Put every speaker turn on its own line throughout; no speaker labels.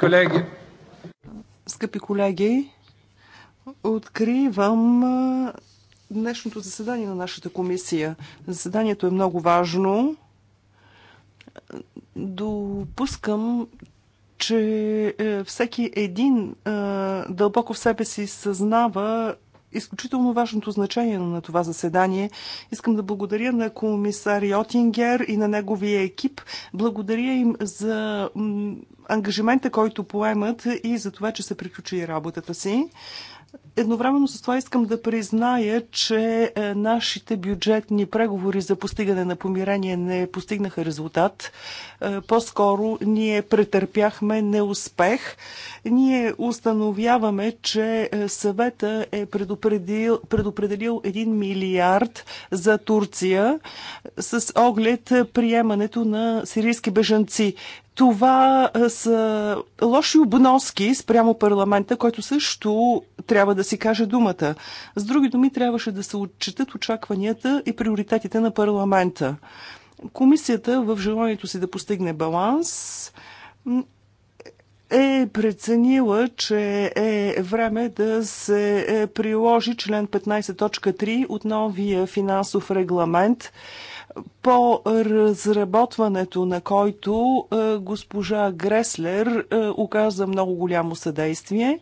Колеги.
Скъпи колеги, откривам днешното заседание на нашата комисия. Заседанието е много важно. Допускам, че е, всеки един дълбоко в себе си съзнава изключително важното значение на това заседание. Искам да благодаря на комисар Йотингер и на неговия екип. Благодаря им за ангажимента, който поемат и за това, че се приключи работата си. Едновременно с това искам да призная, че е, нашите бюджетни преговори за постигане на помирение не постигнаха резултат. Е, по-скоро ние претърпяхме неуспех. Ние установяваме, че е, съвета е предупредил, предупределил 1 милиард за Турция с оглед приемането на сирийски бежанци. Това са лоши обноски спрямо парламента, който също трябва да си каже думата. С други думи, трябваше да се отчитат очакванията и приоритетите на парламента. Комисията в желанието си да постигне баланс е преценила, че е време да се е, приложи член 15.3 от новия финансов регламент – по разработването на който е, госпожа Греслер е, оказа много голямо съдействие.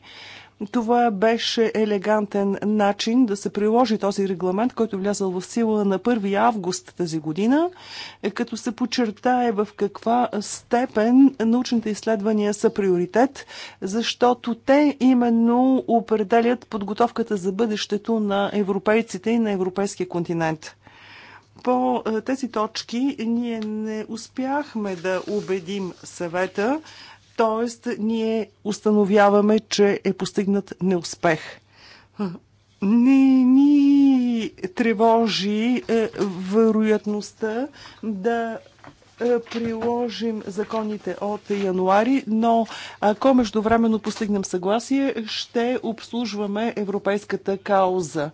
Това беше елегантен начин да се приложи този регламент, който е влязъл в сила на 1 август тази година, като се подчертае в каква степен научните изследвания са приоритет, защото те именно определят подготовката за бъдещето на европейците и на европейския континент. По е, тези точки ние не успяхме да убедим съвета, т.е. ние установяваме, че е постигнат неуспех. Не ни тревожи е, вероятността да е, приложим законите от януари, но ако междувременно постигнем съгласие, ще обслужваме европейската кауза.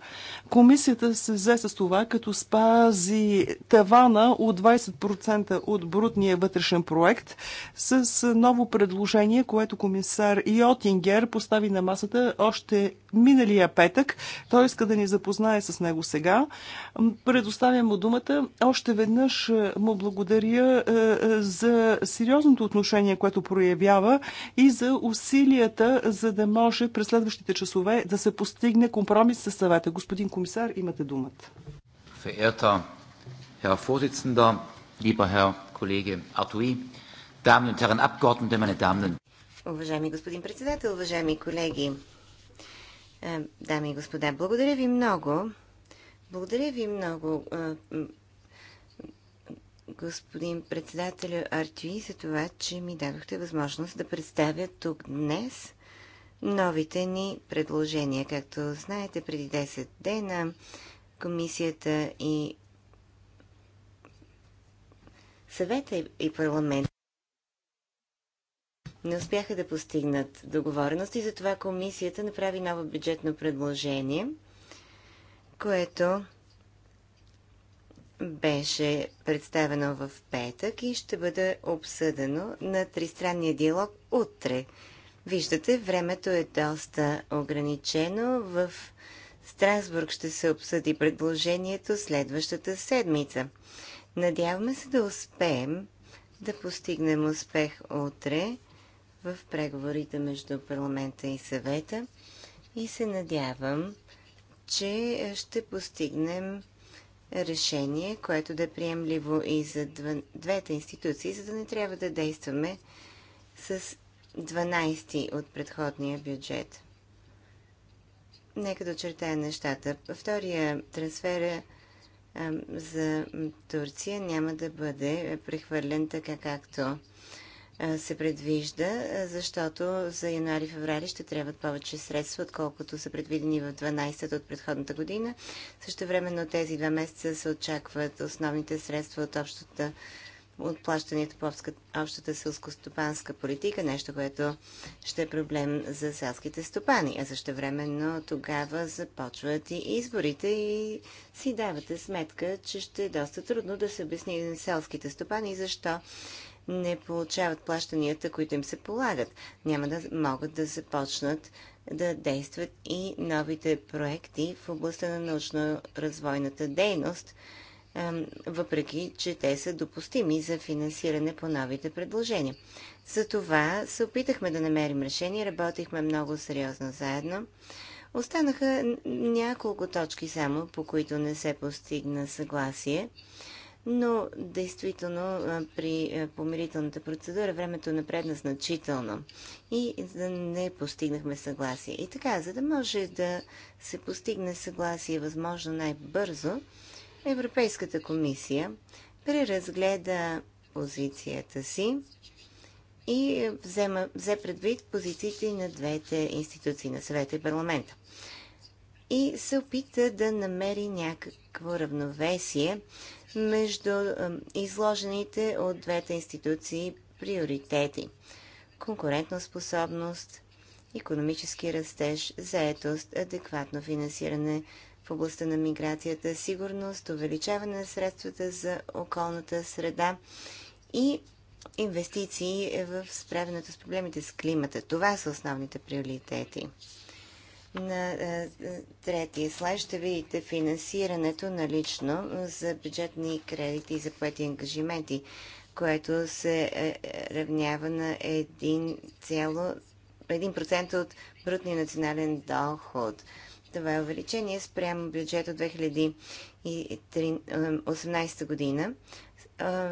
Комисията се взе с това, като спази тавана от 20% от брутния вътрешен проект с ново предложение, което комисар Йотингер постави на масата още миналия петък. Той иска да ни запознае с него сега. Предоставям му думата. Още веднъж му благодаря е, е, за сериозното отношение, което проявява и за усилията, за да може през следващите часове да се постигне компромис с съвета. Господин комисар, имате думата.
Verehrter Herr Vorsitzender, lieber Herr колеги Artui, дамни и Herren Abgeordnete, meine Damen
Уважаеми господин председател, уважаеми колеги, е, дами и господа, благодаря ви много. Благодаря ви много, господин председателя Артюи за това, че ми дадохте възможност да представя тук днес новите ни предложения. Както знаете, преди 10 дена комисията и съвета и парламент не успяха да постигнат договореност и затова комисията направи ново бюджетно предложение, което беше представено в петък и ще бъде обсъдено на тристранния диалог утре. Виждате, времето е доста ограничено. В Страсбург ще се обсъди предложението следващата седмица. Надяваме се да успеем да постигнем успех утре в преговорите между парламента и съвета и се надявам, че ще постигнем решение, което да е приемливо и за двете институции, за да не трябва да действаме с 12 от предходния бюджет. Нека да очертая нещата. Втория трансфер е, за Турция няма да бъде прехвърлен така, както се предвижда, защото за януари-феврари ще трябват повече средства, отколкото са предвидени в 12 та от предходната година. Също времено тези два месеца се очакват основните средства от общата от плащането по общата селско-стопанска политика, нещо, което ще е проблем за селските стопани. А също времено тогава започват и изборите и си давате сметка, че ще е доста трудно да се обясни на селските стопани защо не получават плащанията, които им се полагат. Няма да могат да започнат да действат и новите проекти в областта на научно-развойната дейност, въпреки че те са допустими за финансиране по новите предложения. За това се опитахме да намерим решение, работихме много сериозно заедно. Останаха няколко точки само, по които не се постигна съгласие но действително при помирителната процедура времето напредна значително и не постигнахме съгласие. И така, за да може да се постигне съгласие възможно най-бързо, Европейската комисия преразгледа позицията си и взема, взе предвид позициите на двете институции, на съвета и парламента. И се опита да намери някакво равновесие между изложените от двете институции приоритети – способност, економически растеж, заетост, адекватно финансиране в областта на миграцията, сигурност, увеличаване на средствата за околната среда и инвестиции в справянето с проблемите с климата. Това са основните приоритети. На е, е, третия слайд ще видите финансирането на лично за бюджетни кредити и за поети ангажименти, което се е, равнява на 1% от брутния национален доход. Това е увеличение спрямо бюджет от 2018 година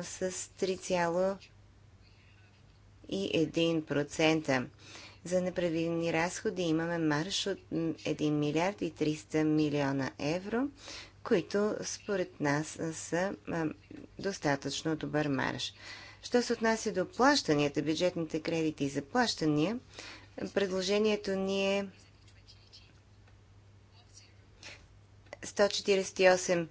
с 3,1%. За непредвидени разходи имаме марш от 1 милиард и 300 милиона евро, които според нас са достатъчно добър марш. Що се отнася до плащанията, бюджетните кредити за плащания, предложението ни е 148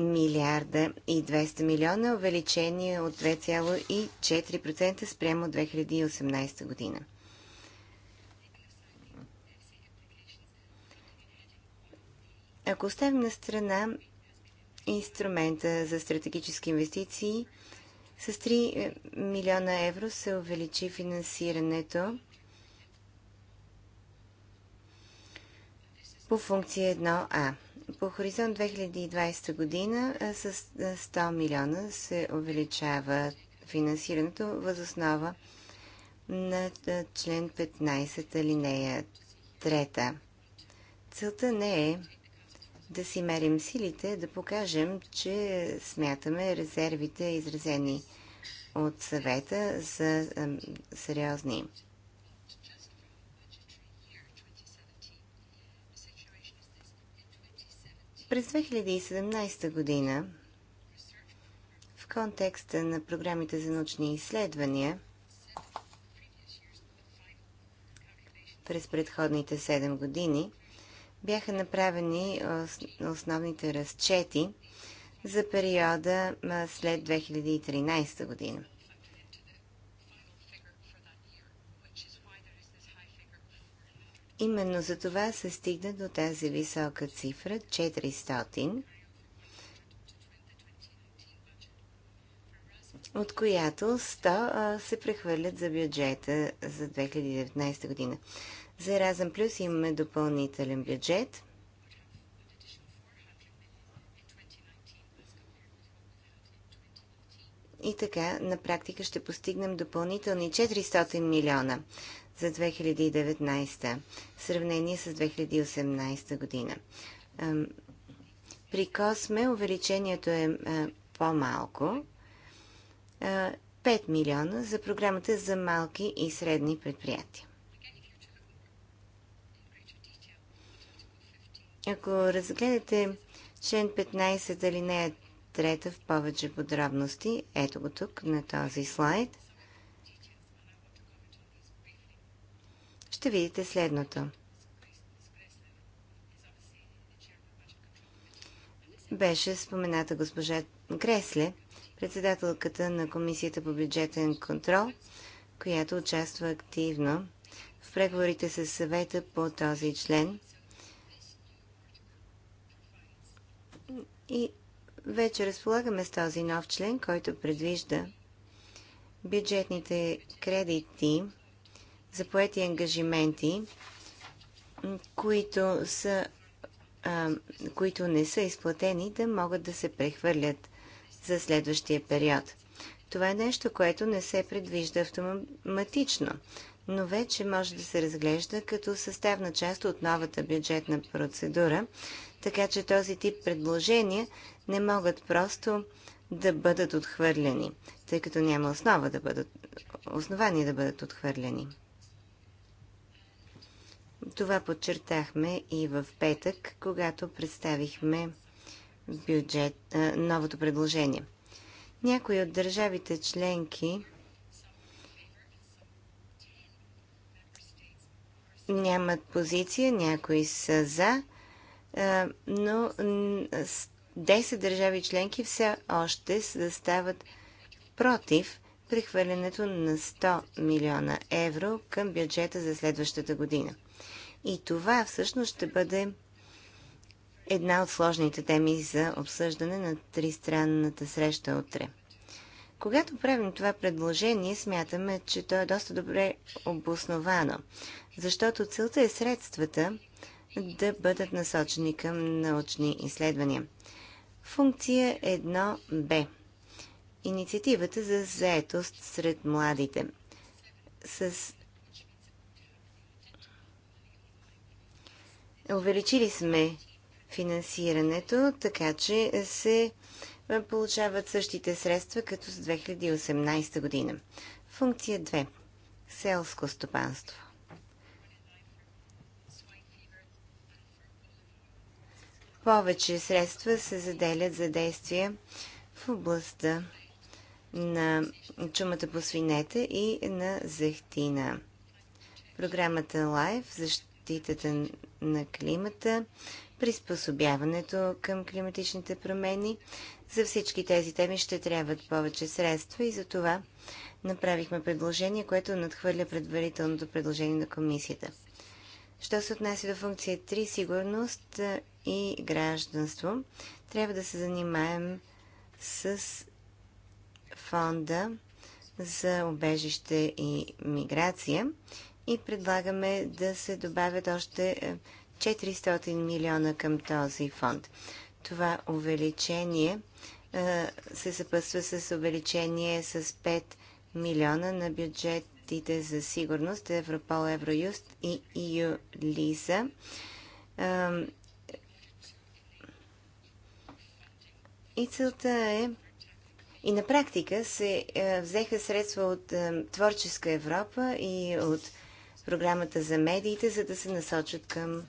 милиарда и 200 милиона, увеличение от 2,4% спрямо 2018 година. Ако оставим на страна инструмента за стратегически инвестиции, с 3 е, милиона евро се увеличи финансирането по функция 1А. По хоризонт 2020 година с 100 милиона се увеличава финансирането възоснова на член 15 алинея 3. Целта не е да си мерим силите, да покажем, че смятаме резервите, изразени от съвета, за сериозни През 2017 година, в контекста на програмите за научни изследвания, през предходните 7 години, бяха направени основните разчети за периода след 2013 година. Именно за това се стигна до тази висока цифра 400, от която 100 се прехвърлят за бюджета за 2019 година. За Еразъм Плюс имаме допълнителен бюджет. И така, на практика ще постигнем допълнителни 400 милиона за 2019 в сравнение с 2018 година. При Косме увеличението е по-малко. 5 милиона за програмата за малки и средни предприятия. Ако разгледате член 15 алинея 3 в повече подробности, ето го тук на този слайд – ще видите следното. Беше спомената госпожа Кресле, председателката на Комисията по бюджетен контрол, която участва активно в преговорите с съвета по този член. И вече разполагаме с този нов член, който предвижда бюджетните кредити за поети ангажименти, които, са, а, които не са изплатени, да могат да се прехвърлят за следващия период. Това е нещо, което не се предвижда автоматично, но вече може да се разглежда като съставна част от новата бюджетна процедура, така че този тип предложения не могат просто да бъдат отхвърлени, тъй като няма основа да бъдат, основани да бъдат отхвърлени. Това подчертахме и в петък, когато представихме бюджет, новото предложение. Някои от държавите членки нямат позиция, някои са за, но 10 държави членки все още застават против прехвърлянето на 100 милиона евро към бюджета за следващата година. И това всъщност ще бъде една от сложните теми за обсъждане на тристранната среща утре. Когато правим това предложение, смятаме, че то е доста добре обосновано, защото целта е средствата да бъдат насочени към научни изследвания. Функция 1Б Инициативата за заетост сред младите. С Увеличили сме финансирането, така че се е, получават същите средства като с 2018 година. Функция 2. Селско стопанство. Повече средства се заделят за действия в областта на чумата по свинете и на зехтина. Програмата LIFE защитата на климата, приспособяването към климатичните промени. За всички тези теми ще трябват повече средства и за това направихме предложение, което надхвърля предварителното предложение на комисията. Що се отнася до функция 3 сигурност и гражданство, трябва да се занимаем с фонда за обежище и миграция и предлагаме да се добавят още 400 е, милиона към този фонд. Това увеличение е, се съпъства с увеличение с 5 милиона на бюджетите за сигурност Европол, Евроюст и Юлиза. Е, и целта е и на практика се взеха средства от Творческа Европа и от програмата за медиите, за да се насочат към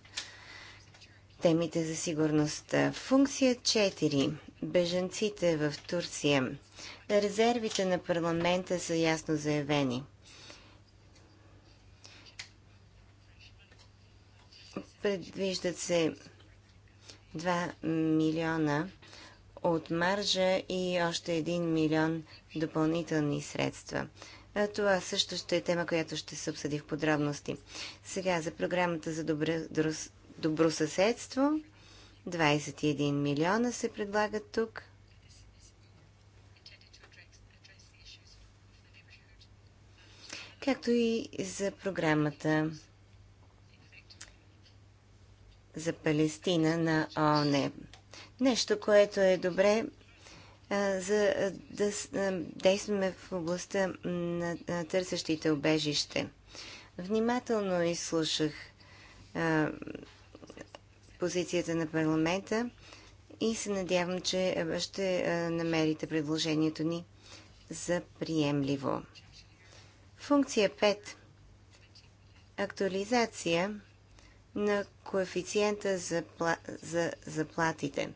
темите за сигурността. Функция 4. Бежанците в Турция. Резервите на парламента са ясно заявени. Предвиждат се 2 милиона от маржа и още 1 милион допълнителни средства. Това също ще е тема, която ще се обсъди в подробности. Сега за програмата за добро, съседство. 21 милиона се предлагат тук. Както и за програмата за Палестина на ООН. Нещо, което е добре за да действаме в областта на търсещите обежище. Внимателно изслушах позицията на парламента и се надявам, че ще намерите предложението ни за приемливо. Функция 5. Актуализация на коефициента за, пла... за заплатите.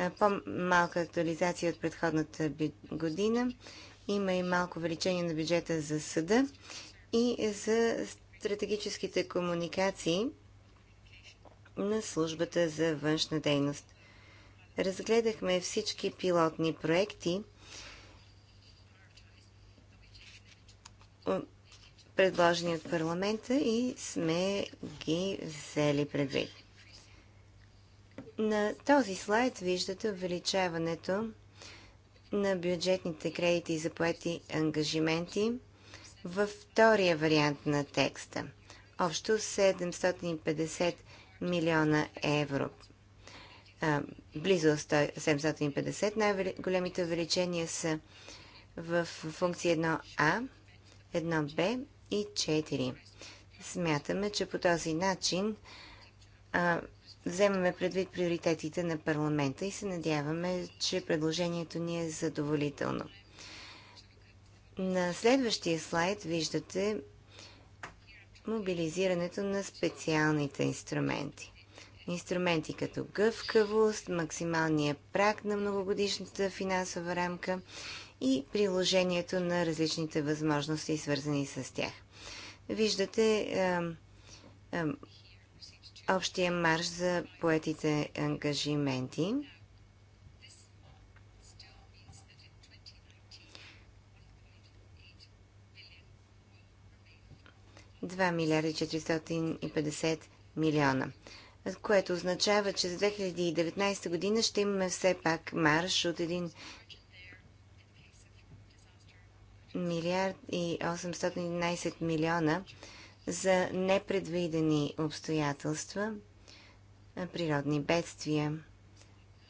Е, по-малка актуализация от предходната година. Има и малко увеличение на бюджета за съда и за стратегическите комуникации на службата за външна дейност. Разгледахме всички пилотни проекти, предложени от парламента и сме ги взели предвид. На този слайд виждате увеличаването на бюджетните кредити за поети ангажименти във втория вариант на текста. Общо 750 милиона евро. близо 750. Най-големите увеличения са в функции 1А, 1Б и 4. Смятаме, че по този начин вземаме предвид приоритетите на парламента и се надяваме, че предложението ни е задоволително. На следващия слайд виждате мобилизирането на специалните инструменти. Инструменти като гъвкавост, максималния прак на многогодишната финансова рамка и приложението на различните възможности, свързани с тях. Виждате е, е, общия марш за поетите ангажименти. Два милиарда и 450 милиона, което означава, че за 2019 година ще имаме все пак марш от 1 милиард и 811 милиона, за непредвидени обстоятелства, природни бедствия,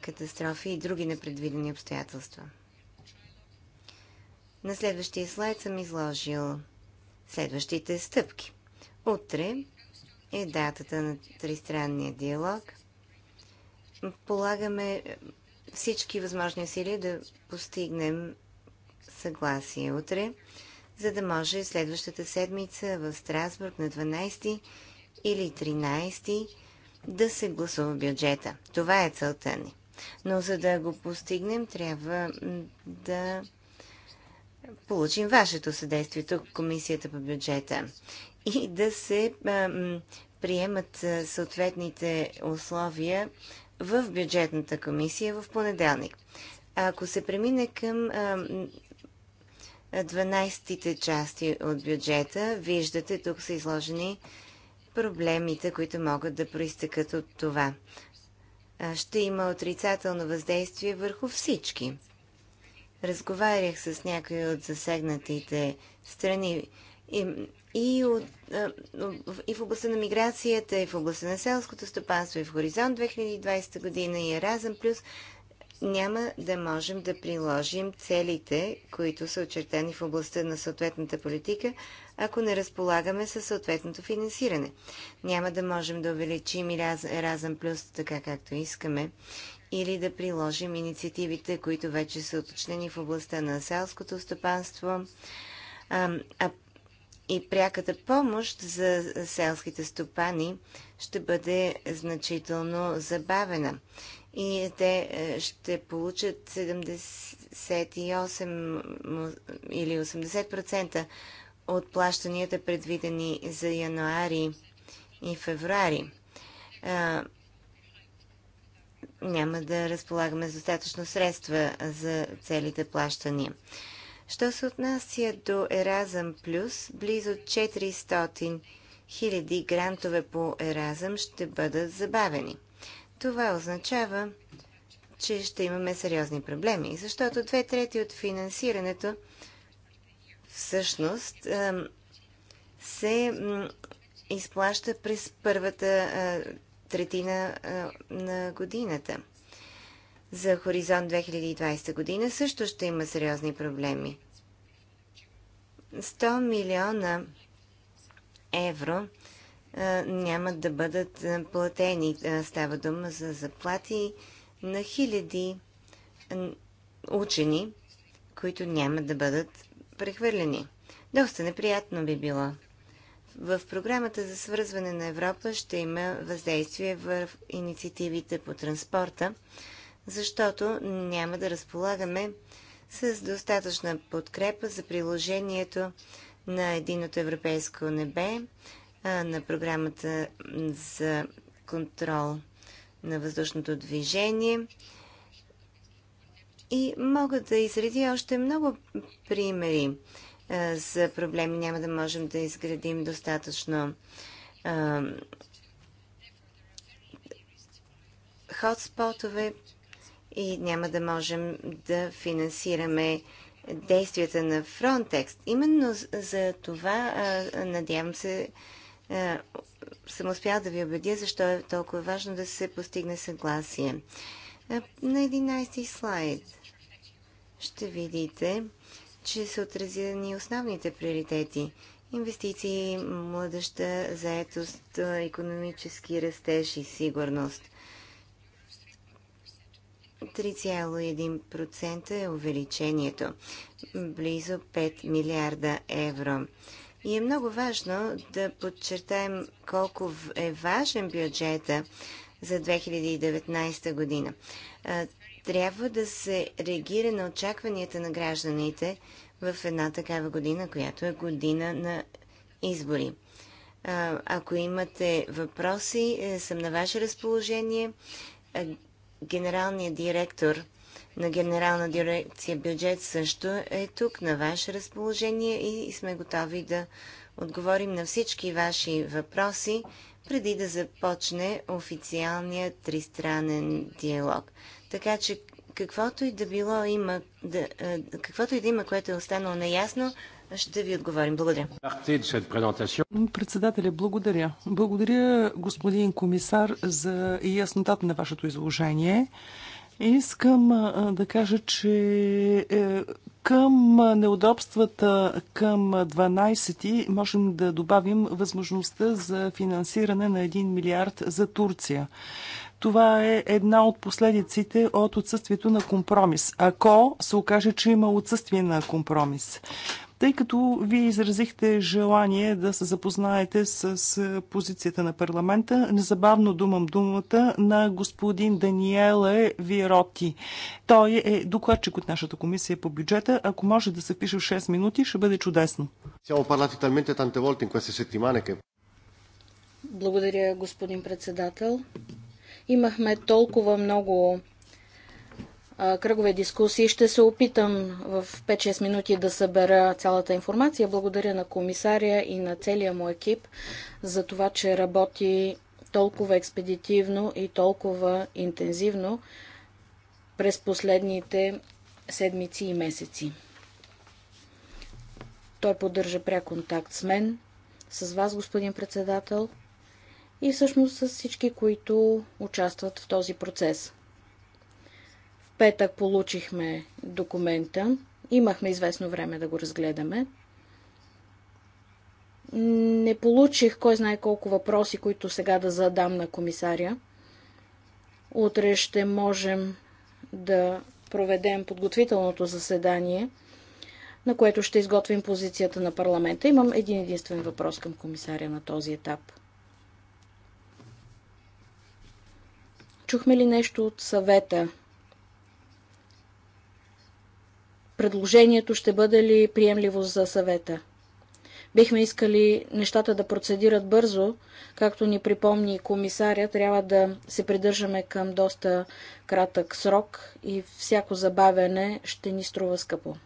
катастрофи и други непредвидени обстоятелства. На следващия слайд съм изложил следващите стъпки. Утре е датата на тристранния диалог. Полагаме всички възможни усилия да постигнем съгласие утре за да може следващата седмица в Страсбург на 12 или 13 да се гласува бюджета. Това е целта ни. Но за да го постигнем, трябва да получим вашето съдействие тук, Комисията по бюджета, и да се приемат съответните условия в бюджетната комисия в понеделник. ако се премине към 12-те части от бюджета. Виждате, тук са изложени проблемите, които могат да проистекат от това. Ще има отрицателно въздействие върху всички. Разговарях с някои от засегнатите страни и, и, от, и в областта на миграцията, и в областта на селското стопанство, и в Хоризонт 2020 година, и Еразъм Плюс няма да можем да приложим целите, които са очертани в областта на съответната политика, ако не разполагаме със съответното финансиране. Няма да можем да увеличим и раз, разъм плюс така както искаме или да приложим инициативите, които вече са уточнени в областта на селското стопанство а, а, и пряката помощ за селските стопани ще бъде значително забавена и те е, ще получат 78 или 80% от плащанията предвидени за януари и февруари. няма да разполагаме с достатъчно средства за целите плащания. Що се отнася до Еразъм Плюс, близо 400 000 грантове по Еразъм ще бъдат забавени – това означава, че ще имаме сериозни проблеми, защото две трети от финансирането всъщност се изплаща през първата третина на годината. За Хоризонт 2020 година също ще има сериозни проблеми. 100 милиона евро няма да бъдат платени. Става дума за заплати на хиляди учени, които няма да бъдат прехвърлени. Доста неприятно би било. В програмата за свързване на Европа ще има въздействие в инициативите по транспорта, защото няма да разполагаме с достатъчна подкрепа за приложението на единото европейско небе, на програмата за контрол на въздушното движение. И мога да изредя още много примери за проблеми. Няма да можем да изградим достатъчно хотспотове и няма да можем да финансираме действията на Frontex. Именно за това, надявам се, е, съм успял да ви убедя, защо е толкова важно да се постигне съгласие. Е, на 11 слайд ще видите, че са отразени основните приоритети. Инвестиции, младеща, заетост, економически растеж и сигурност. 3,1% е увеличението. Близо 5 милиарда евро. И е много важно да подчертаем колко е важен бюджета за 2019 година. Трябва да се реагира на очакванията на гражданите в една такава година, която е година на избори. Ако имате въпроси, е, съм на ваше разположение. Генералният директор на Генерална дирекция бюджет също е тук на ваше разположение и сме готови да отговорим на всички ваши въпроси преди да започне официалният тристранен диалог. Така че каквото и да било има, да, е, каквото и да има, което е останало неясно, ще ви отговорим. Благодаря.
Председателя, благодаря. Благодаря, господин комисар, за яснотата на вашето изложение. Искам да кажа, че е, към неудобствата към 12 можем да добавим възможността за финансиране на 1 милиард за Турция. Това е една от последиците от отсъствието на компромис. Ако се окаже, че има отсъствие на компромис. Тъй като вие изразихте желание да се запознаете с позицията на парламента, незабавно думам думата на господин Даниеле Вироти. Той е докладчик от нашата комисия по бюджета. Ако може да се пише в 6 минути, ще бъде чудесно.
благодаря, господин председател. Имахме толкова много кръгове дискусии. Ще се опитам в 5-6 минути да събера цялата информация. Благодаря на комисаря и на целия му екип за това, че работи толкова експедитивно и толкова интензивно през последните седмици и месеци. Той поддържа пряк контакт с мен, с вас, господин председател, и всъщност с всички, които участват в този процес петък получихме документа. Имахме известно време да го разгледаме. Не получих кой знае колко въпроси, които сега да задам на комисаря. Утре ще можем да проведем подготвителното заседание, на което ще изготвим позицията на парламента. Имам един единствен въпрос към комисаря на този етап. Чухме ли нещо от съвета предложението ще бъде ли приемливо за съвета. Бихме искали нещата да процедират бързо, както ни припомни комисаря, трябва да се придържаме към доста кратък срок и всяко забавяне ще ни струва скъпо.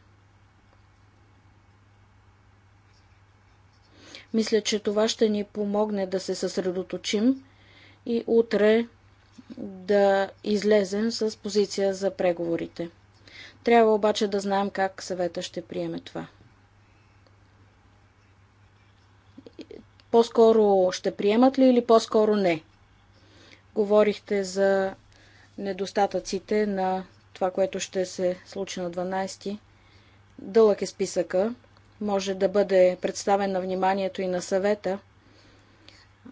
Мисля, че това ще ни помогне да се съсредоточим и утре да излезем с позиция за преговорите. Трябва обаче да знаем как съвета ще приеме това. По-скоро ще приемат ли или по-скоро не? Говорихте за недостатъците на това, което ще се случи на 12. Дълъг е списъка. Може да бъде представен на вниманието и на съвета.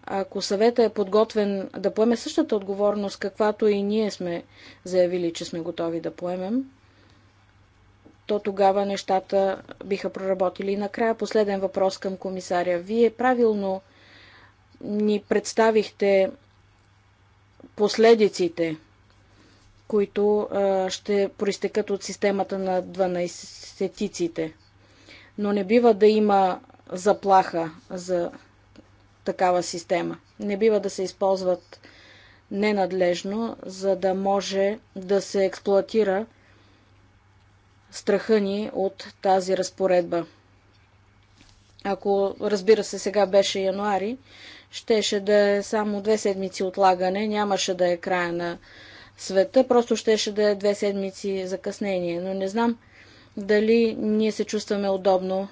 Ако съвета е подготвен да поеме същата отговорност, каквато и ние сме заявили, че сме готови да поемем, то тогава нещата биха проработили. И накрая последен въпрос към комисаря. Вие правилно ни представихте последиците, които ще проистекат от системата на 12-тиците. Но не бива да има заплаха за такава система. Не бива да се използват ненадлежно, за да може да се експлуатира страха ни от тази разпоредба. Ако, разбира се, сега беше януари, щеше да е само две седмици отлагане, нямаше да е края на света, просто щеше да е две седмици закъснение. Но не знам дали ние се чувстваме удобно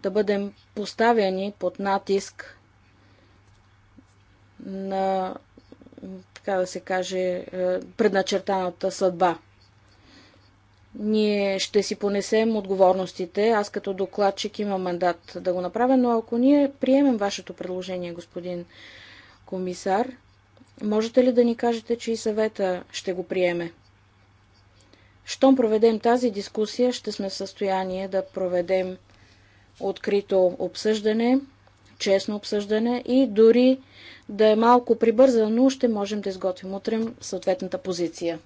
да бъдем поставяни под натиск на, така да се каже, е, предначертаната съдба ние ще си понесем отговорностите. Аз като докладчик имам мандат да го направя, но ако ние приемем вашето предложение, господин комисар, можете ли да ни кажете, че и съвета ще го приеме? Щом проведем тази дискусия, ще сме в състояние да проведем открито обсъждане, честно обсъждане и дори да е малко прибързано, ще можем да изготвим утрем съответната позиция.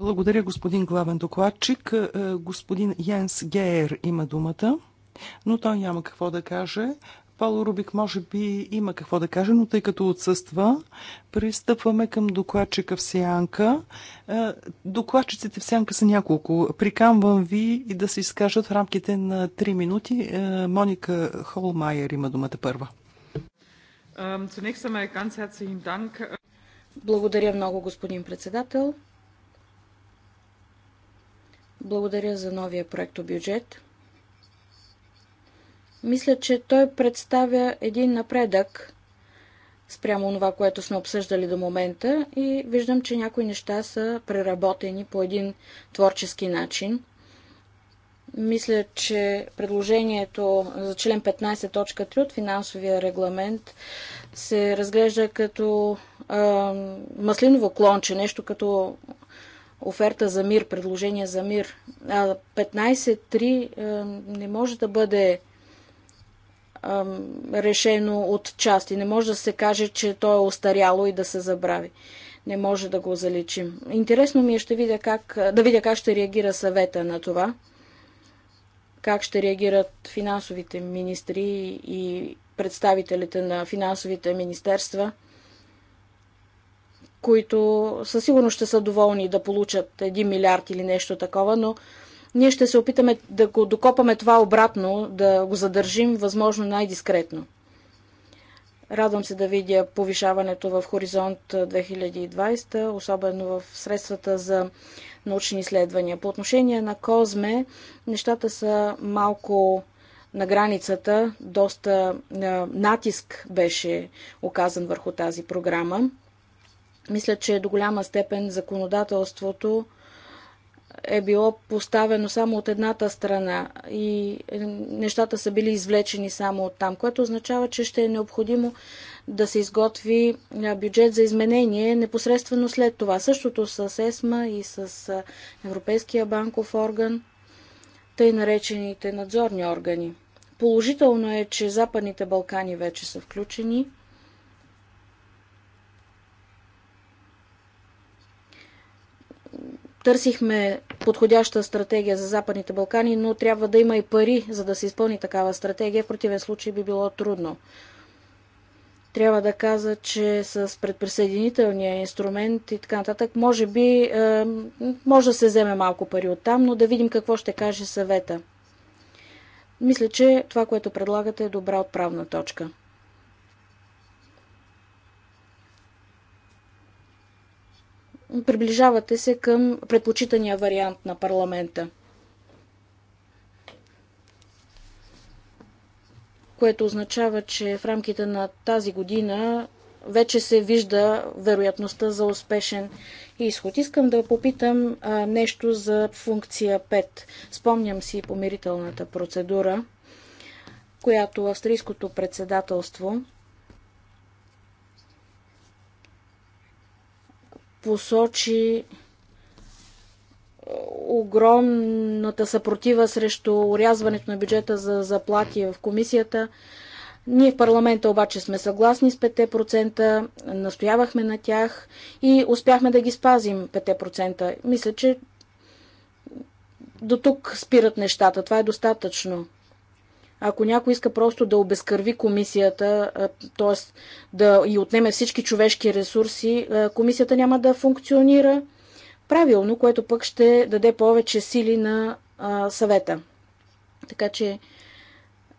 Благодаря, господин главен докладчик. Е, господин Йенс Гейер има думата, но той няма какво да каже. Пало Рубик може би има какво да каже, но тъй като отсъства, пристъпваме към докладчика в Сянка. Е, докладчиците в Сянка са няколко. Прикамвам ви да се изкажат в рамките на 3 минути. Е, Моника Холмайер има думата първа.
Благодаря много, господин председател. Благодаря за новия проекто бюджет. Мисля, че той представя един напредък спрямо това, което сме обсъждали до момента и виждам, че някои неща са преработени по един творчески начин. Мисля, че предложението за член 15.3 от финансовия регламент се разглежда като а, маслиново клонче, нещо като оферта за мир, предложение за мир. 15.3 е, не може да бъде решено от части. Не може да се каже, че то е остаряло и да се забрави. Не може да го заличим. Интересно ми е ще видя как, е, да видя как ще реагира съвета на това. Как ще реагират финансовите министри и представителите на финансовите министерства – които със сигурност ще са доволни да получат 1 милиард или нещо такова, но ние ще се опитаме да го докопаме това обратно, да го задържим възможно най-дискретно. Радвам се да видя повишаването в Хоризонт 2020, особено в средствата за научни изследвания. По отношение на Козме, нещата са малко на границата. Доста натиск беше оказан върху тази програма. Мисля, че до голяма степен законодателството е било поставено само от едната страна и нещата са били извлечени само от там, което означава, че ще е необходимо да се изготви бюджет за изменение непосредствено след това. Същото с ЕСМА и с Европейския банков орган, тъй наречените надзорни органи. Положително е, че Западните Балкани вече са включени – Търсихме подходяща стратегия за Западните Балкани, но трябва да има и пари, за да се изпълни такава стратегия. В противен случай би било трудно. Трябва да каза, че с предприсъединителния инструмент и така нататък, може би, е, може да се вземе малко пари от там, но да видим какво ще каже съвета. Мисля, че това, което предлагате, е добра отправна точка. приближавате се към предпочитания вариант на парламента. Което означава, че в рамките на тази година вече се вижда вероятността за успешен изход. Искам да попитам а, нещо за функция 5. Спомням си помирителната процедура, която австрийското председателство посочи е, огромната съпротива срещу урязването на бюджета за заплати в комисията. Ние в парламента обаче сме съгласни с 5%, настоявахме на тях и успяхме да ги спазим 5%. Мисля, че до тук спират нещата. Това е достатъчно ако някой иска просто да обезкърви комисията, т.е. да и отнеме всички човешки ресурси, комисията няма да функционира правилно, което пък ще даде повече сили на съвета. Така че,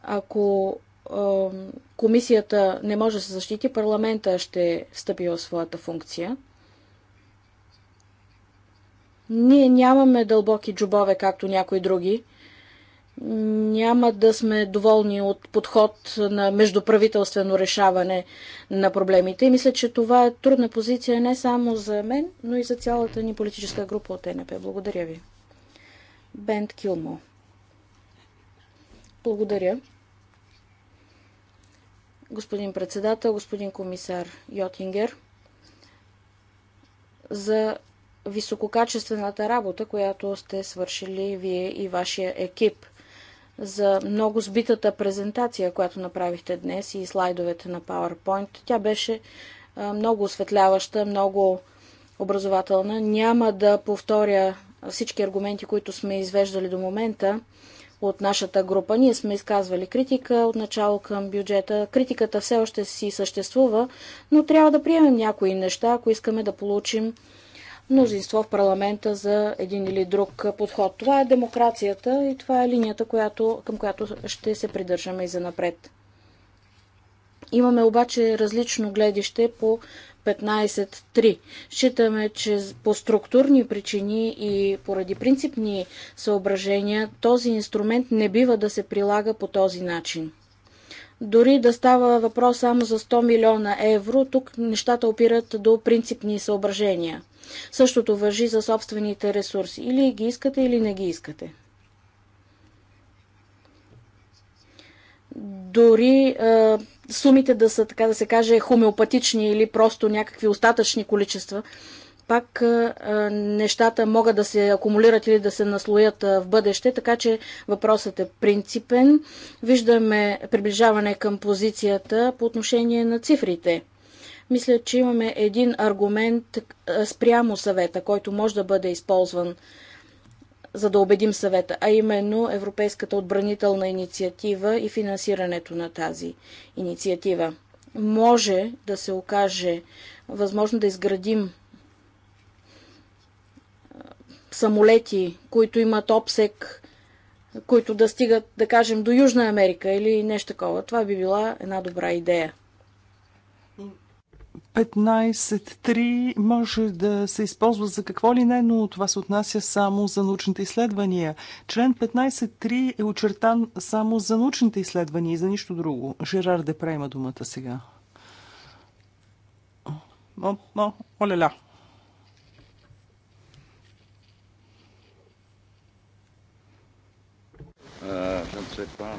ако комисията не може да се защити, парламента ще встъпи в своята функция. Ние нямаме дълбоки джубове, както някои други няма да сме доволни от подход на междуправителствено решаване на проблемите. И мисля, че това е трудна позиция не само за мен, но и за цялата ни политическа група от ЕНП. Благодаря ви. Бент Килмо. Благодаря. Господин председател, господин комисар Йотингер, за висококачествената работа, която сте свършили вие и вашия екип за много сбитата презентация, която направихте днес и слайдовете на PowerPoint. Тя беше много осветляваща, много образователна. Няма да повторя всички аргументи, които сме извеждали до момента от нашата група. Ние сме изказвали критика от начало към бюджета. Критиката все още си съществува, но трябва да приемем някои неща, ако искаме да получим мнозинство в парламента за един или друг подход. Това е демокрацията и това е линията, която, към която ще се придържаме и за напред. Имаме обаче различно гледище по 15.3. Считаме, че по структурни причини и поради принципни съображения този инструмент не бива да се прилага по този начин. Дори да става въпрос само за 100 милиона евро, тук нещата опират до принципни съображения. Същото въжи за собствените ресурси. Или ги искате, или не ги искате. Дори е, сумите да са, така да се каже, хомеопатични или просто някакви остатъчни количества, пак е, нещата могат да се акумулират или да се наслоят в бъдеще, така че въпросът е принципен. Виждаме приближаване към позицията по отношение на цифрите – мисля, че имаме един аргумент спрямо съвета, който може да бъде използван за да убедим съвета, а именно Европейската отбранителна инициатива и финансирането на тази инициатива. Може да се окаже възможно да изградим самолети, които имат обсек, които да стигат, да кажем, до Южна Америка или нещо такова. Това би била една добра идея.
15.3 може да се използва за какво ли не, но това се отнася само за научните изследвания. Член 15.3 е очертан само за научните изследвания и за нищо друго. Жерар Депре има думата сега. О, о, ля
Uh, je ne sais pas.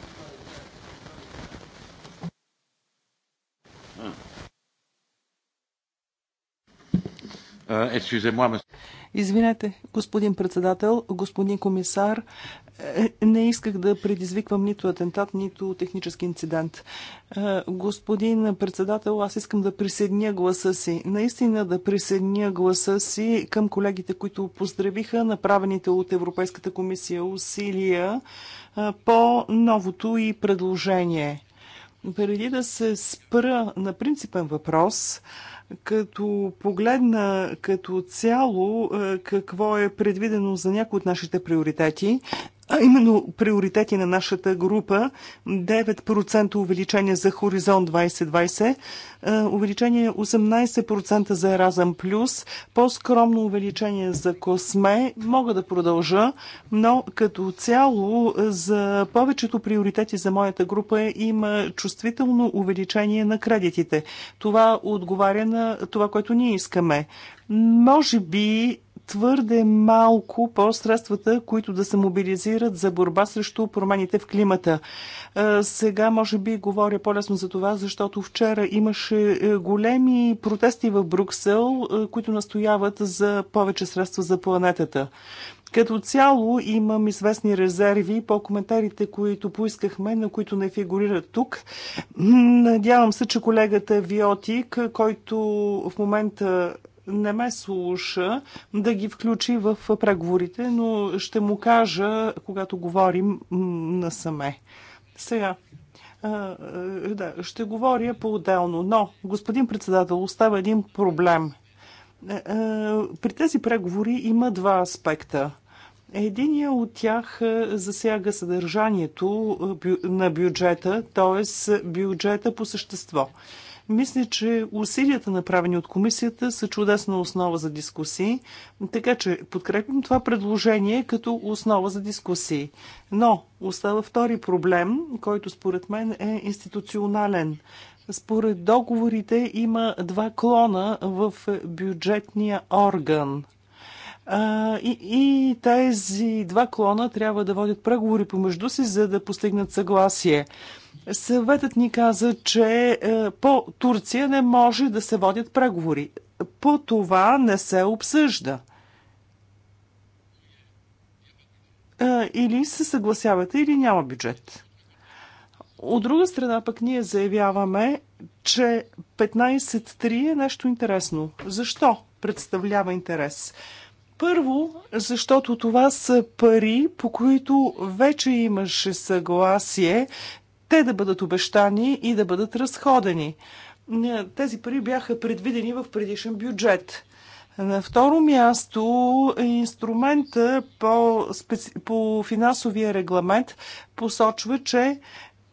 Ah. Euh,
Извинете, господин председател, господин комисар, е, не исках да предизвиквам нито атентат, нито технически инцидент. Е, господин председател, аз искам да присъединя гласа си. Наистина да присъединя гласа си към колегите, които поздравиха направените от Европейската комисия усилия е, по новото и предложение. Преди да се спра на принципен въпрос, като погледна като цяло е, какво е предвидено за някои от нашите приоритети, а именно приоритети на нашата група 9% увеличение за Хоризонт 2020, увеличение 18% за Еразъм Плюс, по-скромно увеличение за Косме. Мога да продължа, но като цяло за повечето приоритети за моята група има чувствително увеличение на кредитите. Това отговаря на това, което ние искаме. Може би твърде малко по средствата, които да се мобилизират за борба срещу промените в климата. Сега може би говоря по-лесно за това, защото вчера имаше е, големи протести в Бруксел, е, които настояват за повече средства за планетата. Като цяло имам известни резерви по коментарите, които поискахме, на които не фигурират тук. Надявам се, че колегата Виотик, който в момента не ме слуша, да ги включи в преговорите, но ще му кажа, когато говорим насаме. Сега, а, да, ще говоря по-отделно, но, господин председател, остава един проблем. Е, е, при тези преговори има два аспекта. Единия от тях е, засяга съдържанието на бюджета, т.е. бюджета по същество. Мисля, че усилията направени от комисията са чудесна основа за дискусии, така че подкрепим това предложение като основа за дискусии. Но остава втори проблем, който според мен е институционален. Според договорите има два клона в бюджетния орган. И, и тези два клона трябва да водят преговори помежду си, за да постигнат съгласие. Съветът ни каза, че е, по Турция не може да се водят преговори. По това не се обсъжда. Е, или се съгласявате, или няма бюджет. От друга страна пък ние заявяваме, че 15.3 е нещо интересно. Защо представлява интерес? Първо, защото това са пари, по които вече имаше съгласие те да бъдат обещани и да бъдат разходени. Е, тези пари бяха предвидени в предишен бюджет. На второ място, инструмента по, специ... по финансовия регламент посочва, че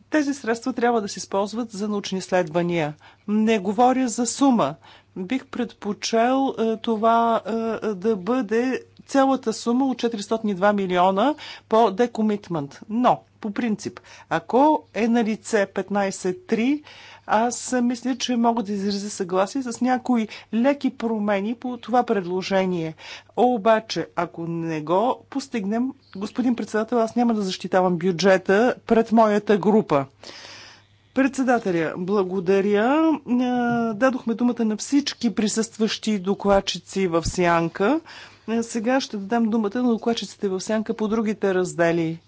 тези средства трябва да се използват за научни изследвания. Не говоря за сума. Бих предпочел е, това е, да бъде цялата сума от 402 милиона по декомитмент. Но, по принцип, ако е на лице 15.3, аз мисля, че мога да изразя съгласие с някои леки промени по това предложение. Обаче, ако не го постигнем, господин председател, аз няма да защитавам бюджета пред моята група. Председателя, благодаря. Е, дадохме думата на всички присъстващи докладчици в Сянка. Сега ще дадам думата на докладчиците в сянка по другите раздели.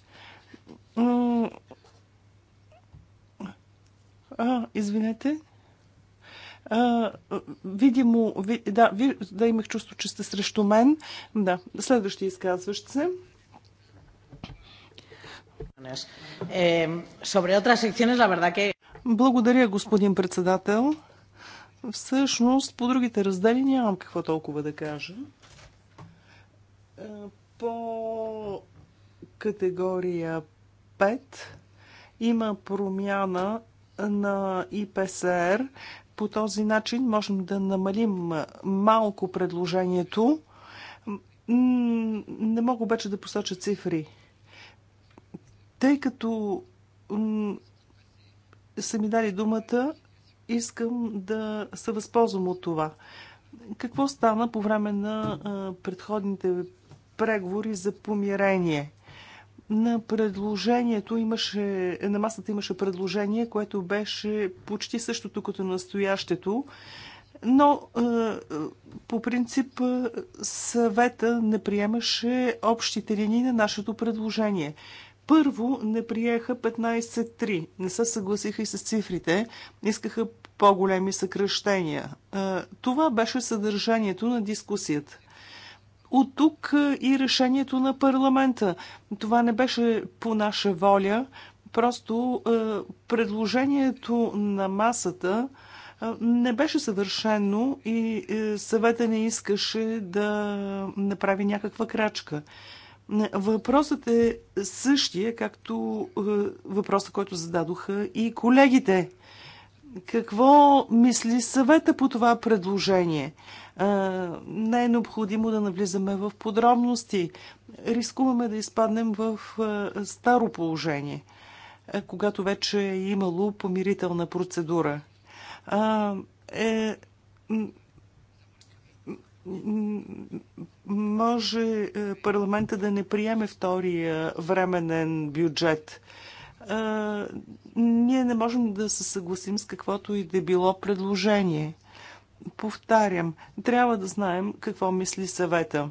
А, извинете. А, видимо, ви, да, ви, да, имах чувство, че сте срещу мен. Да, следващия
изказващ се. Е,
Благодаря, господин председател. Всъщност, по другите раздели нямам какво толкова да кажа. Е, по категория 5 има промяна на ИПСР. По този начин можем да намалим малко предложението. Не мога обаче да посоча цифри, тъй като са ми дали думата, искам да се възползвам от това. Какво стана по време на предходните преговори за помирение. На предложението имаше, на масата имаше предложение, което беше почти същото като настоящето, но е, по принцип е, съвета не приемаше общите линии на нашето предложение. Първо не приеха 15-3, Не се съгласиха и с цифрите. Искаха по-големи съкръщения. Е, това беше съдържанието на дискусията. От тук е, и решението на парламента. Това не беше по наша воля, просто е, предложението на масата е, не беше съвършено и съвета не искаше да направи някаква крачка. Въпросът е същия, както въпроса, който зададоха и колегите. Какво мисли съвета по това предложение? не е необходимо да навлизаме в подробности. Рискуваме да изпаднем в старо положение, когато вече е имало помирителна процедура. Е, може е, парламента да не приеме втория временен бюджет. Ние не можем да се съгласим с каквото и да е било предложение – Повтарям, трябва да знаем какво мисли съвета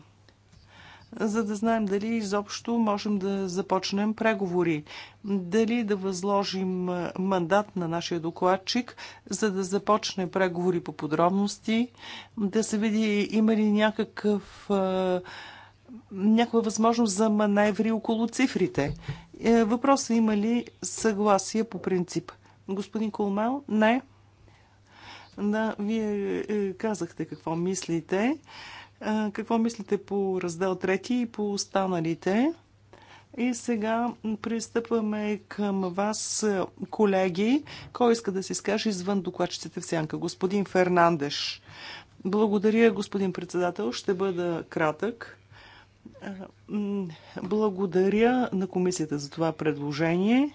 за да знаем дали изобщо можем да започнем преговори, дали да възложим мандат на нашия докладчик, за да започне преговори по подробности, да се види има ли някакъв някаква възможност за маневри около цифрите. Е, въпросът има ли съгласие по принцип? Господин Колмел? Не. Да, вие е, казахте какво мислите. Е, какво мислите по раздел 3 и по останалите? И сега пристъпваме към вас, е, колеги. Кой иска да се изкаже извън докладчиците в сянка? Господин Фернандеш. Благодаря, господин председател. Ще бъда кратък. Благодаря на комисията за това предложение.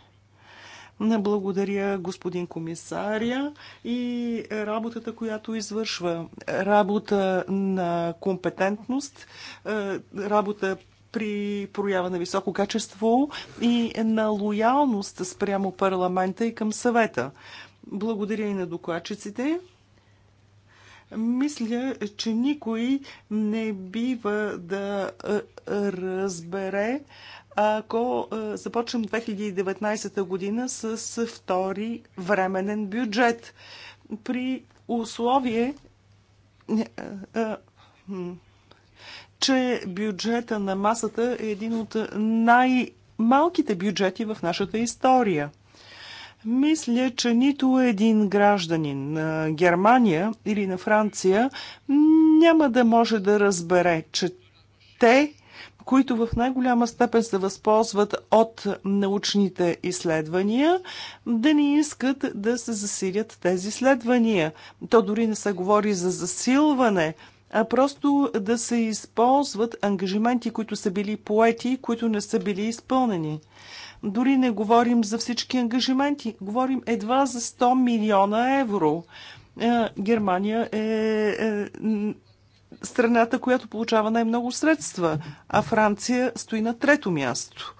Благодаря господин комисаря и работата, която извършва. Работа на компетентност, е, работа при проява на високо качество и на лоялност спрямо парламента и към съвета. Благодаря и на докладчиците. Мисля, че никой не бива да е, разбере ако е, започнем 2019 година с втори временен бюджет. При условие, е, е, че бюджета на масата е един от най-малките бюджети в нашата история. Мисля, че нито един гражданин на Германия или на Франция няма да може да разбере, че те които в най-голяма степен се възползват от научните изследвания, да не искат да се засилят тези изследвания. То дори не се говори за засилване, а просто да се използват ангажименти, които са били поети, които не са били изпълнени. Дори не говорим за всички ангажименти, говорим едва за 100 милиона евро. Е, Германия е, е страната, която получава най-много средства, а Франция стои на трето място.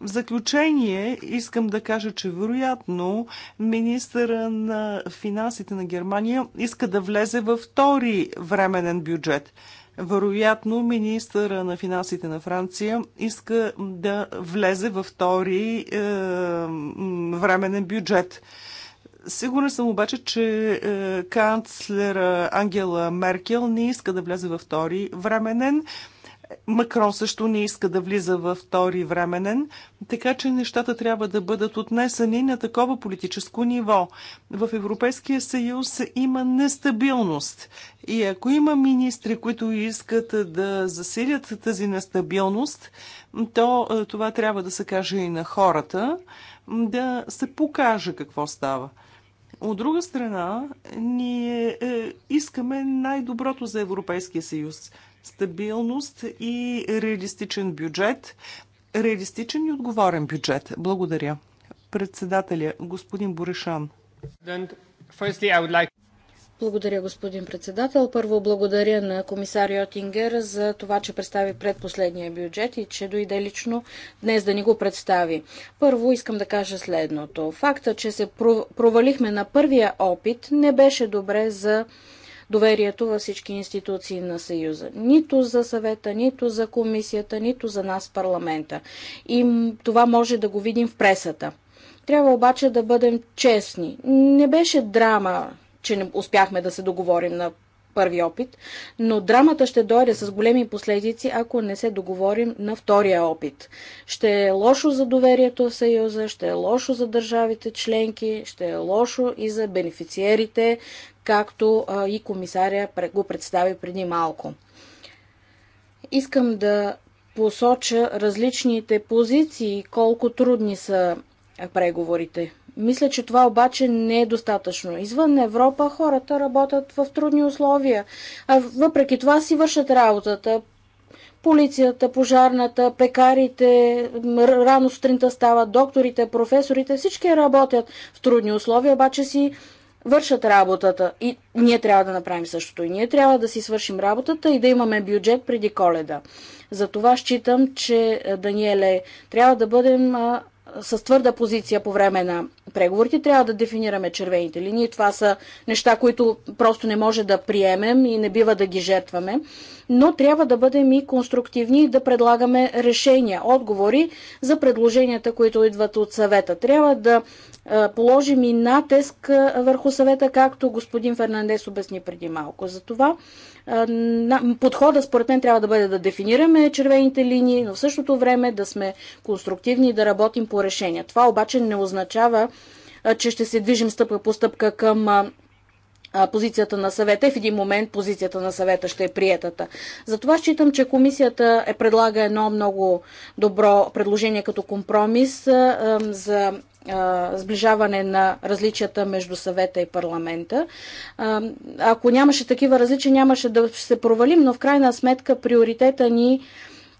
В заключение искам да кажа, че вероятно министъра на финансите на Германия иска да влезе във втори временен бюджет. Вероятно министъра на финансите на Франция иска да влезе във втори е, временен бюджет. Сигурен съм обаче, че е, канцлера Ангела Меркел не иска да влезе във втори временен. Макрон също не иска да влиза във втори временен, така че нещата трябва да бъдат отнесени на такова политическо ниво. В Европейския съюз има нестабилност и ако има министри, които искат да засилят тази нестабилност, то е, това трябва да се каже и на хората, да се покаже какво става. От друга страна, ние е, искаме най-доброто за Европейския съюз. Стабилност и реалистичен бюджет. Реалистичен и отговорен бюджет. Благодаря. Председателя, господин Борешан.
Благодаря, господин председател. Първо благодаря на комисар Йотингер за това, че представи предпоследния бюджет и че дойде лично днес да ни го представи. Първо искам да кажа следното. Факта, че се провалихме на първия опит, не беше добре за доверието във всички институции на Съюза. Нито за съвета, нито за комисията, нито за нас парламента. И това може да го видим в пресата. Трябва обаче да бъдем честни. Не беше драма че не успяхме да се договорим на първи опит, но драмата ще дойде с големи последици, ако не се договорим на втория опит. Ще е лошо за доверието в Съюза, ще е лошо за държавите членки, ще е лошо и за бенефициерите, както и комисаря го представи преди малко. Искам да посоча различните позиции, колко трудни са преговорите. Мисля, че това обаче не е достатъчно. Извън Европа хората работят в трудни условия, а въпреки това си вършат работата. Полицията, пожарната, пекарите, рано сутринта стават, докторите, професорите, всички работят в трудни условия, обаче си вършат работата. И ние трябва да направим същото. И ние трябва да си свършим работата и да имаме бюджет преди коледа. Затова считам, че е, Даниеле, трябва да бъдем с твърда позиция по време на преговорите. Трябва да дефинираме червените линии. Това са неща, които просто не може да приемем и не бива да ги жертваме но трябва да бъдем и конструктивни и да предлагаме решения, отговори за предложенията, които идват от съвета. Трябва да положим и натиск върху съвета, както господин Фернандес обясни преди малко. Затова подхода според мен трябва да бъде да дефинираме червените линии, но в същото време да сме конструктивни и да работим по решения. Това обаче не означава, че ще се движим стъпка по стъпка към позицията на съвета и в един момент позицията на съвета ще е приетата. Затова считам, че комисията е предлага едно много добро предложение като компромис за сближаване на различията между съвета и парламента. Ако нямаше такива различия, нямаше да се провалим, но в крайна сметка приоритета ни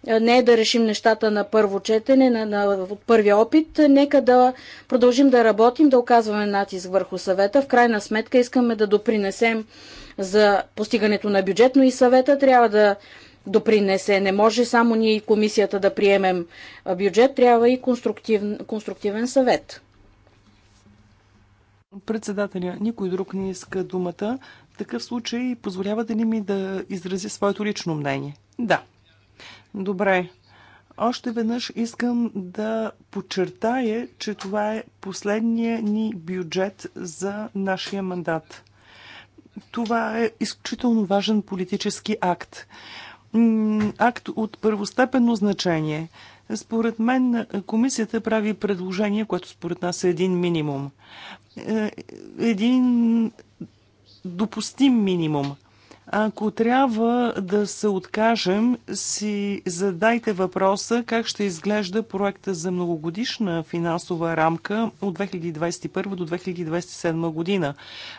е, не е да решим нещата на първо четене, на, на първия опит. Нека да продължим да работим, да оказваме натиск върху съвета. В крайна сметка искаме да допринесем за постигането на бюджет, но и съвета трябва да допринесе. Не може само ние и комисията да приемем бюджет, трябва и конструктив, конструктивен съвет.
Председателя, никой друг не иска думата. В такъв случай позволявате ли ми да изрази своето лично мнение? Да, Добре. Още веднъж искам да подчертая, че това е последния ни бюджет за нашия мандат. Това е изключително важен политически акт. Акт от първостепенно значение. Според мен комисията прави предложение, което според нас е един минимум. Е, един допустим минимум. Ако трябва да се откажем, си задайте въпроса как ще изглежда проекта за многогодишна финансова рамка от 2021 до 2027 година,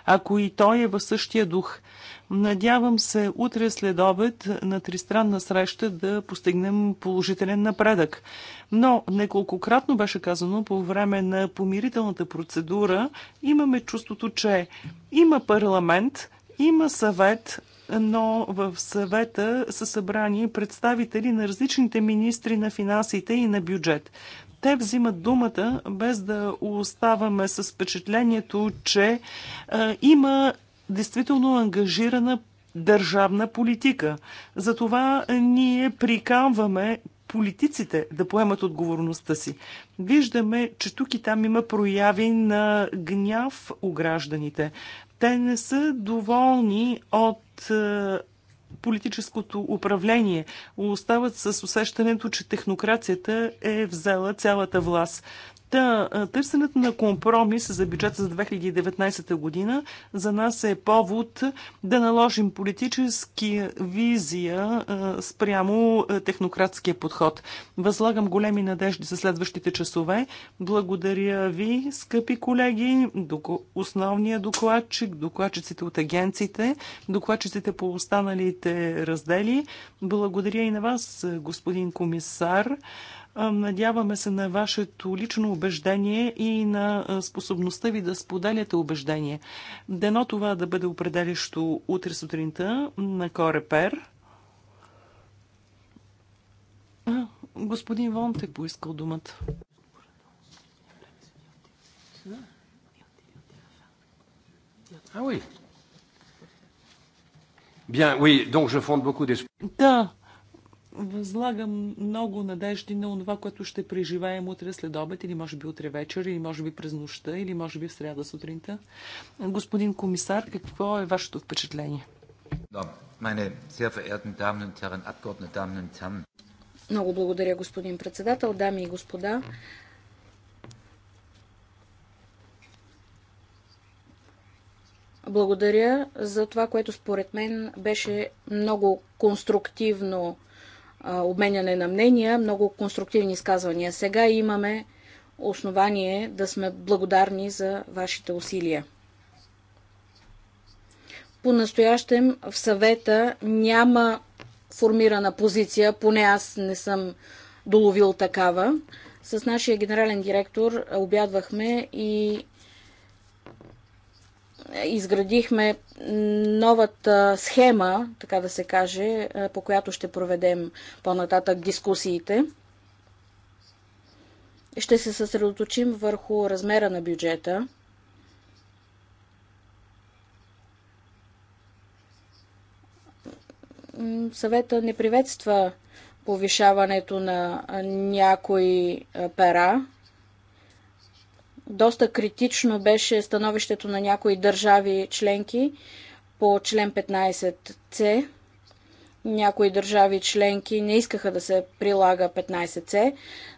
ако и той е в същия дух. Надявам се утре след обед на тристранна среща да постигнем положителен напредък. Но неколкократно беше казано по време на помирителната процедура, имаме чувството, че има парламент, има съвет, но в съвета са събрани представители на различните министри на финансите и на бюджет. Те взимат думата, без да оставаме с впечатлението, че а, има действително ангажирана държавна политика. Затова ние приканваме политиците да поемат отговорността си. Виждаме, че тук и там има прояви на гняв у гражданите. Те не са доволни от е, политическото управление. Остават с усещането, че технокрацията е взела цялата власт. Та, търсенето на компромис за бюджета за 2019 година за нас е повод да наложим политически визия спрямо технократския подход. Възлагам големи надежди за следващите часове. Благодаря ви, скъпи колеги, основния докладчик, докладчиците от агенциите, докладчиците по останалите раздели. Благодаря и на вас, господин комисар. Надяваме се на вашето лично убеждение и на способността ви да споделяте убеждение. Дено това да бъде определящо утре сутринта на Корепер. Господин господин Вонте поискал думата. Ah oui.
Bien, oui, donc je fonde beaucoup d'espoir.
Да, Възлагам много надежди на това, което ще преживеем утре след обед, или може би утре вечер, или може би през нощта, или може би в среда сутринта. Господин комисар, какво е вашето впечатление?
Много благодаря, господин председател, дами и господа. Благодаря за това, което според мен беше много конструктивно обменяне на мнения, много конструктивни изказвания. Сега имаме основание да сме благодарни за вашите усилия. По-настоящем в съвета няма формирана позиция, поне аз не съм доловил такава. С нашия генерален директор обядвахме и изградихме новата схема, така да се каже, е, по която ще проведем по-нататък дискусиите. Ще се съсредоточим върху размера на бюджета. Съвета не приветства повишаването на някои пера, доста критично беше становището на някои държави членки по член 15c. Някои държави членки не искаха да се прилага 15c,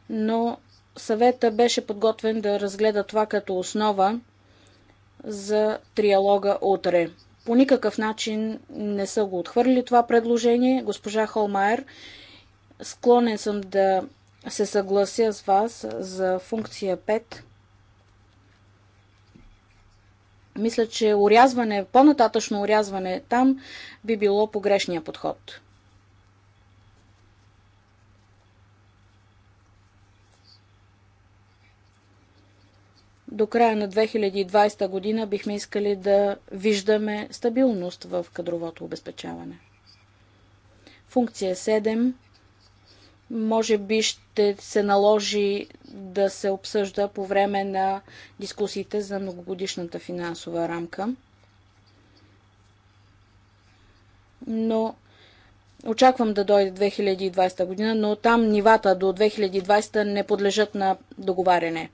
но съвета беше подготвен да разгледа това като основа за триалога утре. По никакъв начин не са го отхвърлили това предложение. Госпожа Холмайер, склонен съм да се съглася с вас за функция 5 мисля, че урязване, по-нататъчно урязване там би било погрешния подход. до края на 2020 година бихме искали да виждаме стабилност в кадровото обезпечаване. Функция 7 може би ще се наложи да се обсъжда по време на дискусиите за многогодишната финансова рамка. Но очаквам да дойде 2020 година, но там нивата до 2020 не подлежат на договаряне.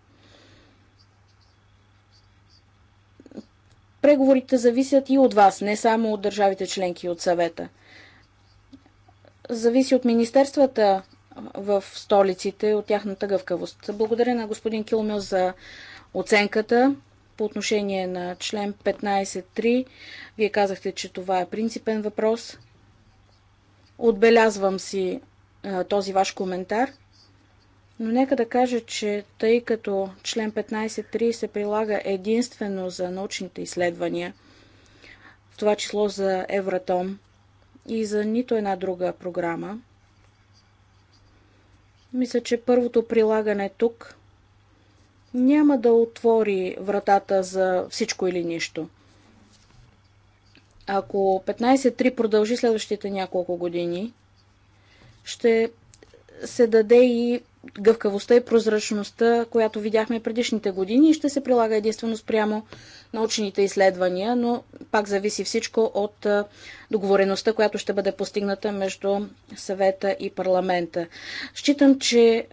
Преговорите зависят и от вас, не само от държавите членки от съвета. Зависи от министерствата в столиците от тяхната гъвкавост. Благодаря на господин Килмил за оценката по отношение на член 15.3. Вие казахте, че това е принципен въпрос. Отбелязвам си а, този ваш коментар. Но нека да кажа, че тъй като член 15.3 се прилага единствено за научните изследвания, в това число за Евратом и за нито една друга програма, мисля, че първото прилагане тук няма да отвори вратата за всичко или нищо. Ако 15.3 продължи следващите няколко години, ще се даде и гъвкавостта и прозрачността, която видяхме предишните години и ще се прилага единствено спрямо научните изследвания, но пак зависи всичко от договореността, която ще бъде постигната между съвета и парламента. Считам, че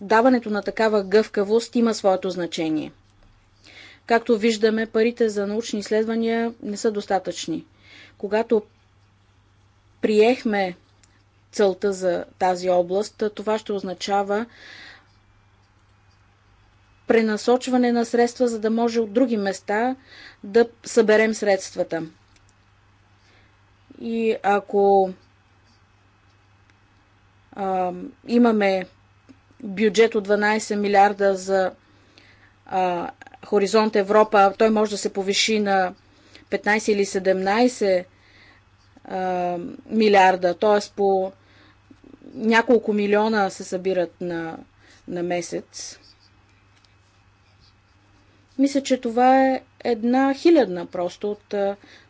даването на такава гъвкавост има своето значение. Както виждаме, парите за научни изследвания не са достатъчни. Когато приехме целта за тази област, това ще означава пренасочване на средства, за да може от други места да съберем средствата. И ако а, имаме бюджет от 12 милиарда за а, Хоризонт Европа, той може да се повиши на 15 или 17 а, милиарда, т.е. по няколко милиона се събират на, на месец. Мисля, че това е една хилядна просто от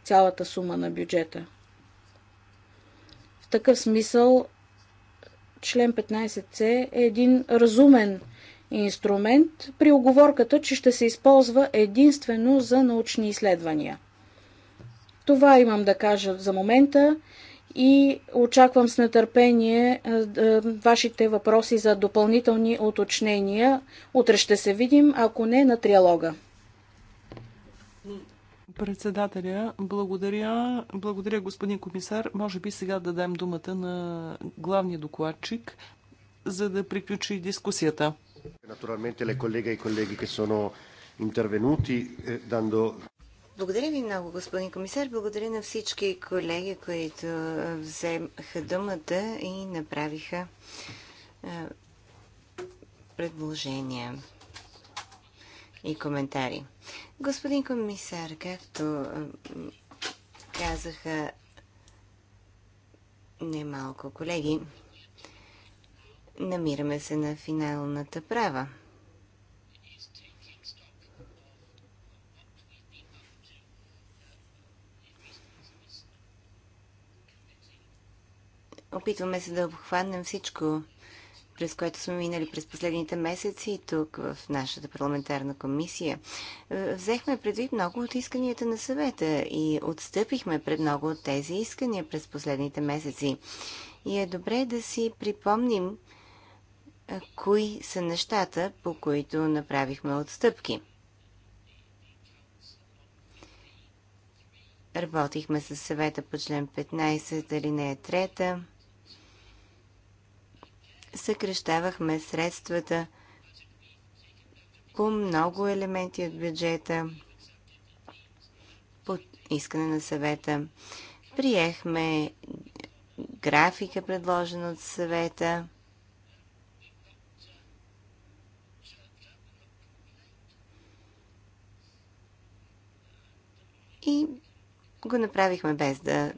цялата сума на бюджета. В такъв смисъл член 15c е един разумен инструмент при оговорката, че ще се използва единствено за научни изследвания. Това имам да кажа за момента и очаквам с нетърпение вашите въпроси за допълнителни уточнения. Утре ще се видим, ако не на триалога.
Председателя, благодаря. Благодаря, господин комисар. Може би сега да дадем думата на главния докладчик, за да приключи дискусията.
Натуралmente колега и колеги, i са
интервенути, дандо
благодаря ви много, господин комисар. Благодаря на всички колеги, които вземаха думата и направиха е, предложения и коментари. Господин комисар, както е, казаха немалко колеги, намираме се на финалната права. Опитваме се да обхванем всичко, през което сме минали през последните месеци тук в нашата парламентарна комисия. Е, взехме предвид много от исканията на съвета и отстъпихме пред много от тези искания през последните месеци. И е добре да си припомним е, кои са нещата, по които направихме отстъпки. Работихме с съвета по член 15, алинея 3 съкрещавахме средствата по много елементи от бюджета по искане на съвета. Приехме графика, предложена от съвета. И го направихме без да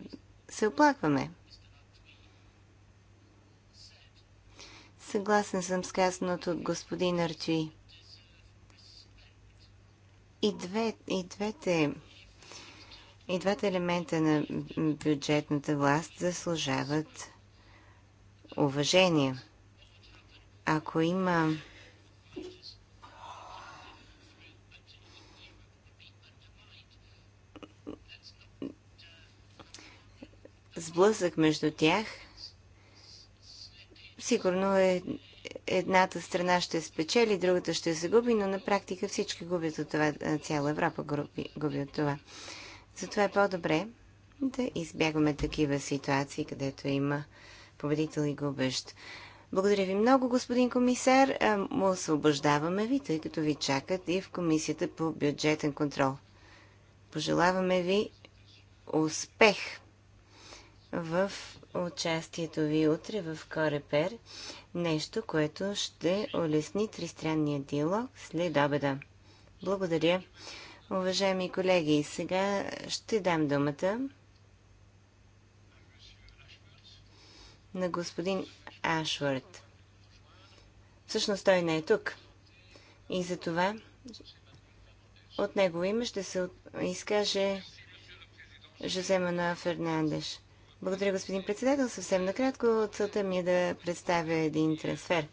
се оплакваме. Съгласен съм с казаното от господин Арчи. И, две, и двете и двата елемента на бюджетната власт заслужават уважение. Ако има сблъсък между тях – Сигурно е, едната страна ще спечели, другата ще загуби, но на практика всички губят от това, цяла Европа губи, губи от това. Затова е по-добре да избягваме такива ситуации, където има победител и губещ. Благодаря ви много, господин комисар. Му освобождаваме ви, тъй като ви чакат и в Комисията по бюджетен контрол. Пожелаваме ви успех в участието ви утре в Корепер, нещо, което ще улесни тристранния диалог след обеда. Благодаря. Уважаеми колеги, сега ще дам думата на господин Ашвард. Всъщност той не е тук. И за това от него име ще се изкаже Жоземана Фернандеш. Благодаря, господин председател. Съвсем накратко, целта ми е да представя един трансфер.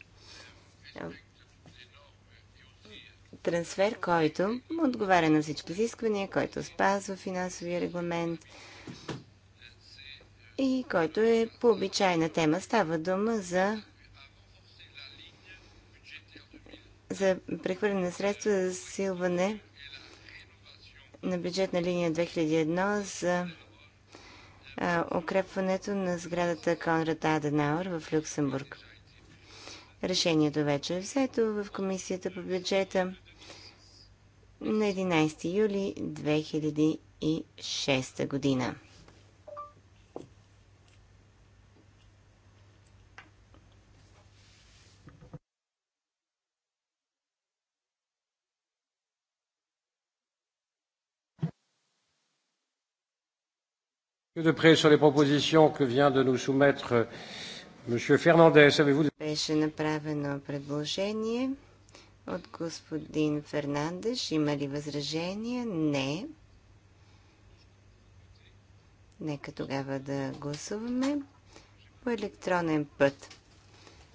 Трансфер, който отговаря на всички изисквания, който спазва финансовия регламент и който е по обичайна тема. Става дума за за прехвърляне на средства за засилване на бюджетна линия 2001 за укрепването на сградата Конрад Аденауер в Люксембург. Решението вече е взето в Комисията по бюджета на 11 юли 2006 година. Беше направено предложение от господин Фернандеш. Има ли възражение? Не. Нека тогава да гласуваме по електронен път.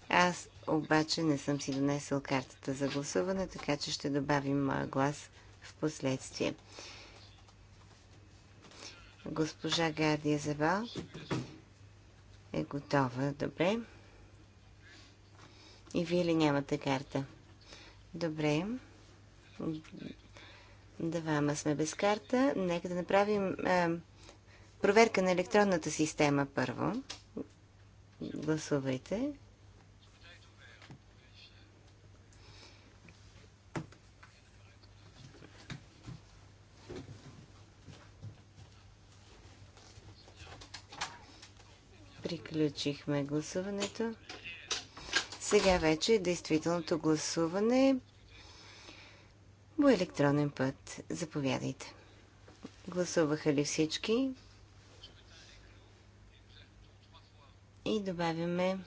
Аз обаче не съм си донесъл картата за гласуване, така че ще добавим моя глас в последствие. Госпожа Гардия Забал е готова. Добре. И вие ли нямате карта? Добре. Давама сме без карта. Нека да направим е, проверка на електронната система първо. Гласувайте. Приключихме гласуването. Сега вече е действителното гласуване по електронен път. Заповядайте. Гласуваха ли всички? И добавяме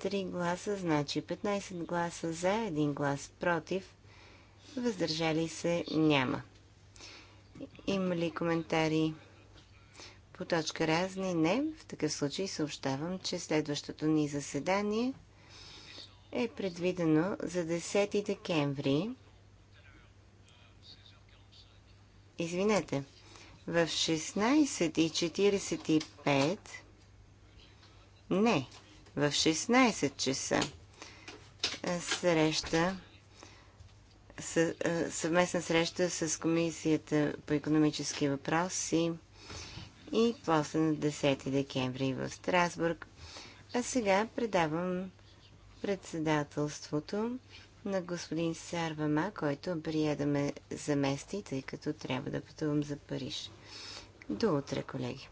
3 гласа, значи 15 гласа за, 1 глас против, въздържали се няма. Има ли коментари? По точка разни не. В такъв случай съобщавам, че следващото ни заседание е предвидено за 10 декември. Извинете, в 16.45 не, в 16 часа среща съвместна среща с Комисията по економически въпроси и после на 10 декември в Страсбург. А сега предавам председателството на господин Сарвама, който прие да ме замести, тъй като трябва да пътувам за Париж. До утре, колеги!